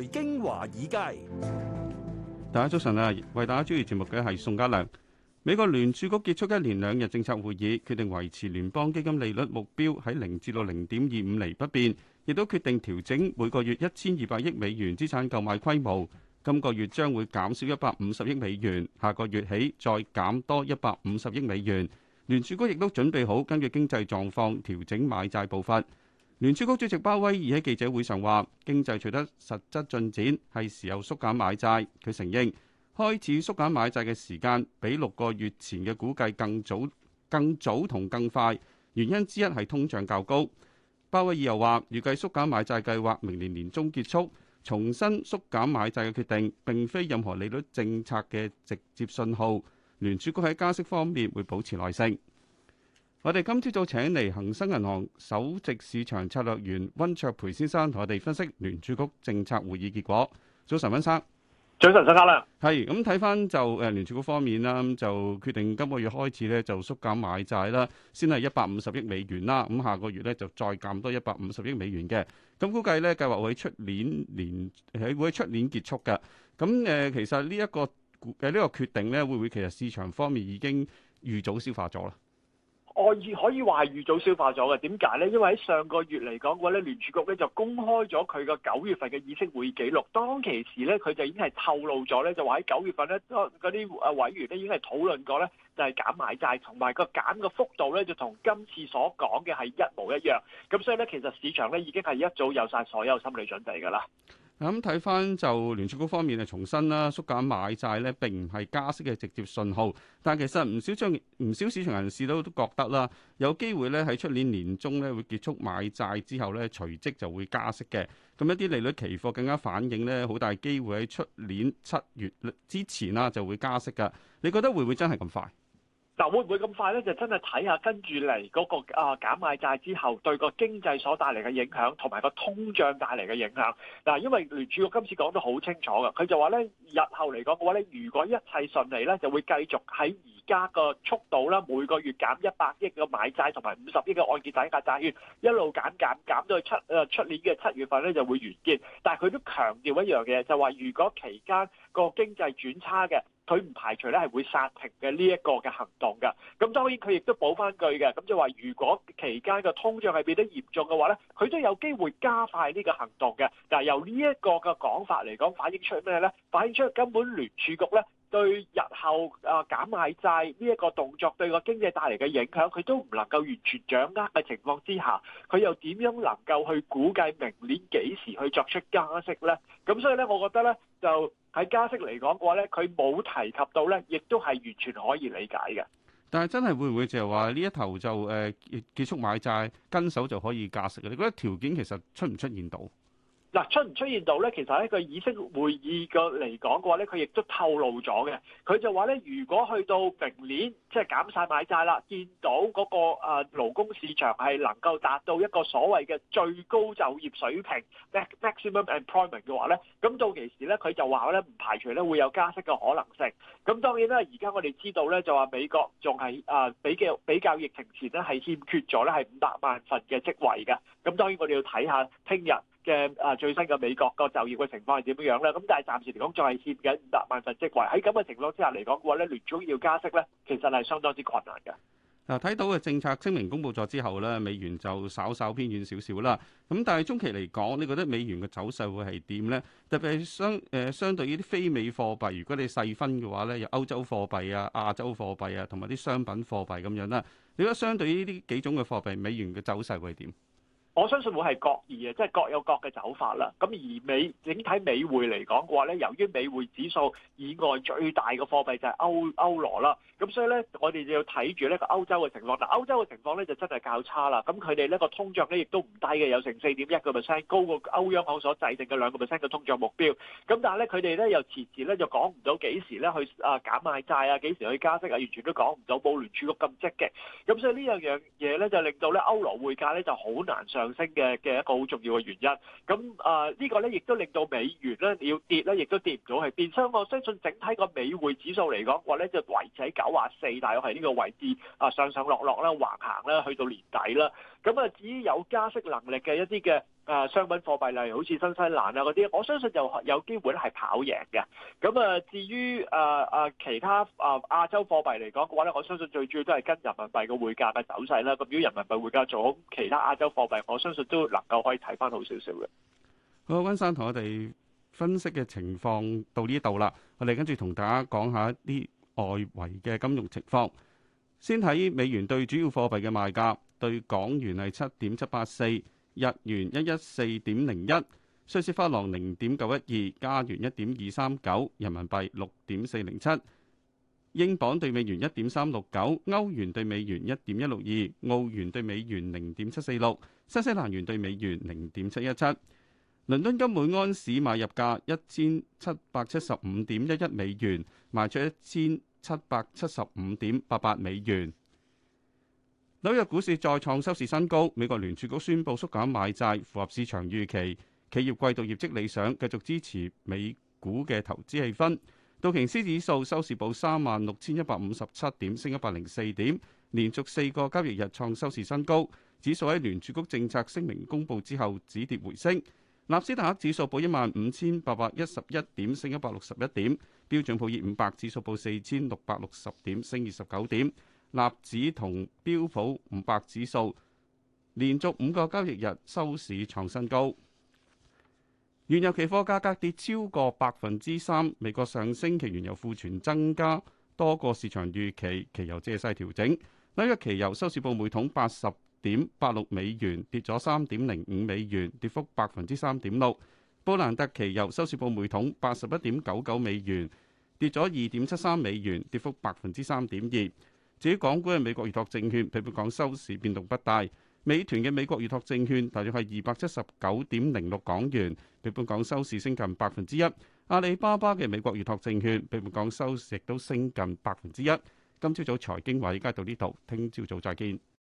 財經華爾街，大家早晨啊！為大家主持節目嘅係宋家良。美國聯儲局結束一連兩日政策會議，決定維持聯邦基金利率目標喺零至到零點二五厘不變，亦都決定調整每個月一千二百億美元資產購買規模。今個月將會減少一百五十億美元，下個月起再減多一百五十億美元。聯儲局亦都準備好根據經濟狀況調整買債步伐。聯儲局主席鮑威爾喺記者會上話，經濟取得實質進展，係時候縮減買債。佢承認開始縮減買債嘅時間比六個月前嘅估計更早、更早同更快。原因之一係通脹較高。鮑威爾又話，預計縮減買債計劃明年年中結束。重申縮減買債嘅決定，並非任何利率政策嘅直接信號。聯儲局喺加息方面會保持耐性。我哋今朝早請嚟恒生銀行首席市場策略員温卓培先生同我哋分析聯儲局政策會議結果，早先早。早晨，温生，早晨，先生啦。係咁睇返就誒聯儲局方面啦，就決定今個月開始咧就縮減買債啦，先係一百五十億美元啦。咁下個月咧就再減多一百五十億美元嘅。咁估計咧計，計劃會出年年喺會喺出年結束嘅。咁誒，其實呢、這、一個誒呢、這個決定咧，會唔會其實市場方面已經預早消化咗啦？我已可以話預早消化咗嘅，點解呢？因為喺上個月嚟講嘅話咧，聯儲局咧就公開咗佢嘅九月份嘅議息會議記錄，當其時咧佢就已經係透露咗咧，就話喺九月份咧，嗰嗰啲委員咧已經係討論過咧，就係減買債，同埋個減嘅幅度咧就同今次所講嘅係一模一樣，咁所以咧其實市場咧已經係一早有晒所有心理準備㗎啦。咁睇返就聯儲局方面嚟重申啦，縮減買債咧並唔係加息嘅直接信號，但係其實唔少將唔少市場人士都覺得啦，有機會咧喺出年年中咧會結束買債之後咧，隨即就會加息嘅。咁一啲利率期貨更加反映咧，好大機會喺出年七月之前啦就會加息㗎。你覺得會唔會真係咁快？嗱，會唔會咁快咧？就真係睇下跟住嚟嗰個啊減買債之後對個經濟所帶嚟嘅影響，同埋個通脹帶嚟嘅影響。嗱，因為聯儲局今次講得好清楚嘅，佢就話咧，日後嚟講嘅話咧，如果一切順利咧，就會繼續喺而家個速度啦，每個月減一百億嘅買債同埋五十億嘅按揭抵押債券，一路減減減到去七啊出年嘅七月份咧就會完結。但係佢都強調一樣嘅嘢，就話如果期間個經濟轉差嘅。佢唔排除咧係會殺停嘅呢一個嘅行動嘅，咁當然佢亦都補翻句嘅，咁就話如果期間嘅通脹係變得嚴重嘅話咧，佢都有機會加快呢個行動嘅。但，由呢一個嘅講法嚟講，反映出咩咧？反映出根本聯儲局咧。對日後啊，減買債呢一個動作對個經濟帶嚟嘅影響，佢都唔能夠完全掌握嘅情況之下，佢又點樣能夠去估計明年幾時去作出加息咧？咁所以咧，我覺得咧，就喺加息嚟講嘅話咧，佢冇提及到咧，亦都係完全可以理解嘅。但係真係會唔會就係話呢一頭就誒結束買債跟手就可以加息嘅？你覺得條件其實出唔出現到？嗱，出唔出現到咧？其實喺個議息會議嘅嚟講嘅話咧，佢亦都透露咗嘅。佢就話咧，如果去到明年即係、就是、減晒買債啦，見到嗰個誒勞工市場係能夠達到一個所謂嘅最高就業水平 （maximum employment） 嘅話咧，咁到其時咧，佢就話咧唔排除咧會有加息嘅可能性。咁當然啦，而家我哋知道咧，就話美國仲係誒比較比較疫情前咧係欠缺咗咧係五百萬份嘅職位嘅。咁當然我哋要睇下聽日。嘅啊最新嘅美國個就業嘅情況係點樣樣咧？咁但係暫時嚟講，再係欠緊五百萬份職位喺咁嘅情況之下嚟講嘅話咧，聯儲要加息咧，其實係相當之困難㗎。嗱，睇到嘅政策聲明公佈咗之後咧，美元就稍稍偏軟少少啦。咁但係中期嚟講，你覺得美元嘅走勢會係點咧？特別係相誒相對於啲非美貨幣，如果你細分嘅話咧，有歐洲貨幣啊、亞洲貨幣啊，同埋啲商品貨幣咁樣啦。你覺得相對於呢幾種嘅貨幣，美元嘅走勢會係點？我相信會係各異嘅，即係各有各嘅走法啦。咁而美整體美匯嚟講嘅話咧，由於美匯指數以外最大嘅貨幣就係歐歐羅啦，咁所以咧我哋就要睇住呢個歐洲嘅情況。嗱，歐洲嘅情況咧就真係較差啦。咁佢哋呢個通脹咧亦都唔低嘅，有成四點一個 percent 高過歐央行所制定嘅兩個 percent 嘅通脹目標。咁但係咧佢哋咧又遲遲咧就講唔到幾時咧去啊減買債啊，幾時去加息啊，完全都講唔到，冇聯儲局咁積極。咁所以樣呢兩樣嘢咧就令到咧歐羅匯價咧就好難上。上升嘅嘅一個好重要嘅原因，咁啊、呃這個、呢個咧亦都令到美元咧要跌咧，亦都跌唔到係變相。我相信整體個美匯指數嚟講，話咧就維持喺九啊四，大概係呢個位置啊上上落落啦，橫行啦，去到年底啦。咁啊，至於有加息能力嘅一啲嘅啊商品貨幣，例如好似新西蘭啊嗰啲，我相信就有機會咧係跑贏嘅。咁啊，至於啊啊其他啊亞洲貨幣嚟講嘅話咧，我相信最主要都係跟人民幣嘅匯價嘅走勢啦。咁如果人民幣匯價做好，其他亞洲貨幣我相信都能夠可以睇翻好少少嘅。好，溫生同我哋分析嘅情況到呢度啦，我哋跟住同大家講下啲外圍嘅金融情況，先睇美元對主要貨幣嘅賣價。對港元係七點七八四，日元一一四點零一，瑞士法郎零點九一二，加元一點二三九，人民幣六點四零七，英鎊對美元一點三六九，歐元對美元一點一六二，澳元對美元零點七四六，新西蘭元對美元零點七一七。倫敦金每安士買入價一千七百七十五點一一美元，賣出一千七百七十五點八八美元。紐約股市再創收市新高，美國聯儲局宣布縮減買債，符合市場預期。企業季度業績理想，繼續支持美股嘅投資氣氛。道瓊斯指數收市報三萬六千一百五十七點，升一百零四點，連續四個交易日創收市新高。指數喺聯儲局政策聲明公布之後止跌回升。納斯達克指數報一萬五千八百一十一點，升一百六十一點。標準普爾五百指數報四千六百六十點，升二十九點。納指同標普五百指數連續五個交易日收市創新高。原油期貨價格跌超過百分之三，美國上星期原油庫存增加多過市場預期，期油借勢調整。紐約期油收市報每桶八十點八六美元，跌咗三點零五美元，跌幅百分之三點六。布蘭特期油收市報每桶八十一點九九美元，跌咗二點七三美元，跌幅百分之三點二。至於港股嘅美國預託證券，比本港收市變動不大。美團嘅美國預託證券，大約係二百七十九點零六港元，比本港收市升近百分之一。阿里巴巴嘅美國預託證券，比本港收市亦都升近百分之一。今朝早財經華爾街到呢度，聽朝早再見。